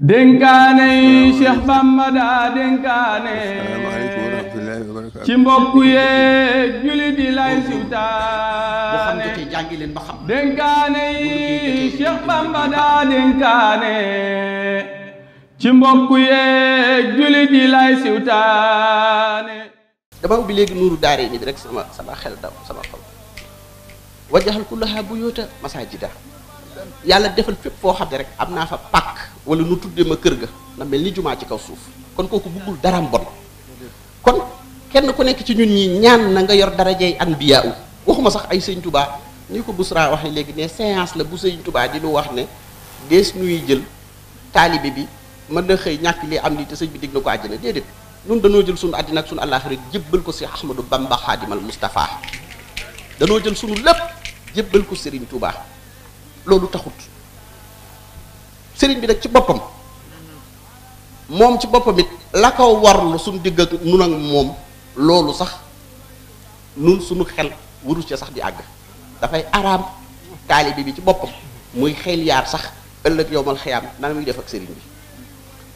dénkaane Cheikh Bamba daa dénkaane ci mbokk yee jullit yi lay ci mbokk yee jullit yi nuuru daare ni rek sama xel daw sama xol wajaxal kullaha buyuta yàlla defal fépp foo xam ne rek am naa fa pàkk wala nu tuddee ma kër ga na mel ni jumaa ci kaw suuf kon kooku buggul daraam bon kon kenn ku nekk ci ñun ñi ñaan na nga yor darajey anbiya u waxuma sax ay sëñ tubaa ni ko Bousra waxee léegi ne séance la bu sëñ tubaa di nu wax ne dees nuy jël taalibe bi mën na xëy ñàkk li am lii te sëñ bi dig na ko àjjana déedéet ñun dañoo jël suñu àddina ak suñu àllaaxira jébbal ko si Ahmadou Bamba Xaadimal Moustapha danoo jël suñu lépp jébbal ko Serigne Touba loolu taxut sëriñ bi nag ci boppam moom ci boppam it la ko warlu suñ digg ak nun ak moom loolu sax nun suñu xel waru ci sax di àgg dafay araam taalibe bi ci boppam muy xel yaar sax ëllëg yowmal xiyaam nan muy def ak sëriñ bi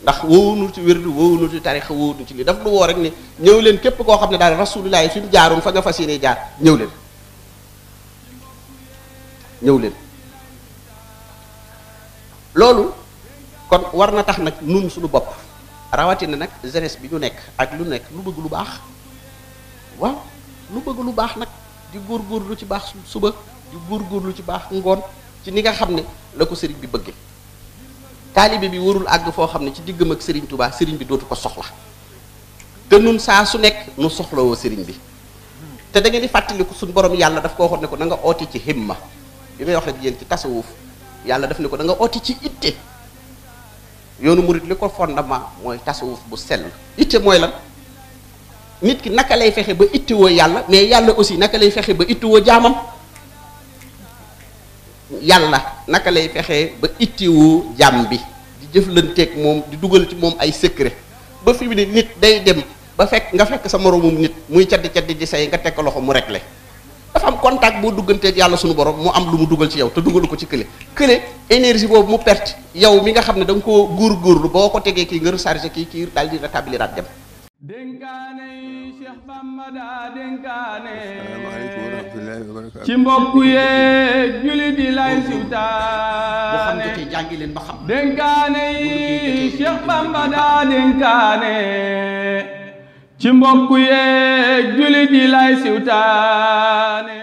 ndax wóowunu ci wérdu wóowunu ci tarixa wóowunu ci lii daf lu woo rek ne ñëw leen képp koo xam ne daal rasulullah yi suñ jaaroon fa nga fas yéene jaar ñëw leen ñëw leen lolu kon warna tax nak nun suñu bopp rawatina nak jeunesse bi ñu nek ak lu nek lu bëgg lu gur waaw lu bëgg lu gur nak di lu ci bax suba di lu ci bax ngon ci ni nga xamne la ko serigne bi bëgge talib bi warul ag fo xamne ci diggam ak serigne Touba serigne bi dootu ko soxla te nun sa su nek nu wo serigne bi te da nga di ko suñu borom yalla daf ko ko na nga oti ci himma bi may wax ak yeen ci tasawuf yalla def ni ko da nga oti ci ité yoonu murit li ko fondement mooy tasawuf bu sel ité moy lan nit ki naka lay fexé ba wo yalla mais yalla aussi naka lay fexé ba wo jamam yalla naka lay fexé ba wo jam bi di ak mom di duggal ci mom ay secret ba fi ni nit day dem ba fek nga fek sa morom nit muy caddi caddi di say nga tek loxo mu contact boo dugganteeg yàlla suñu borom mu am lu mu dugal ci yow te dugalu ko ci kële kële énergie boobu mu perte yow mi nga xam ne da ko koo góorgóorlu boo ko tegee kii nga rechargé kii kii daal di rétablir at dem. dénkaane Cheikh Bamba daa dénkaane ci mbokk yee jullit yi lay siwtaane boo xam jotee jàngi leen ba xam dénkaane yi Cheikh Bamba daa dénkaane ci mbokk yee jullit yi lay siwtaane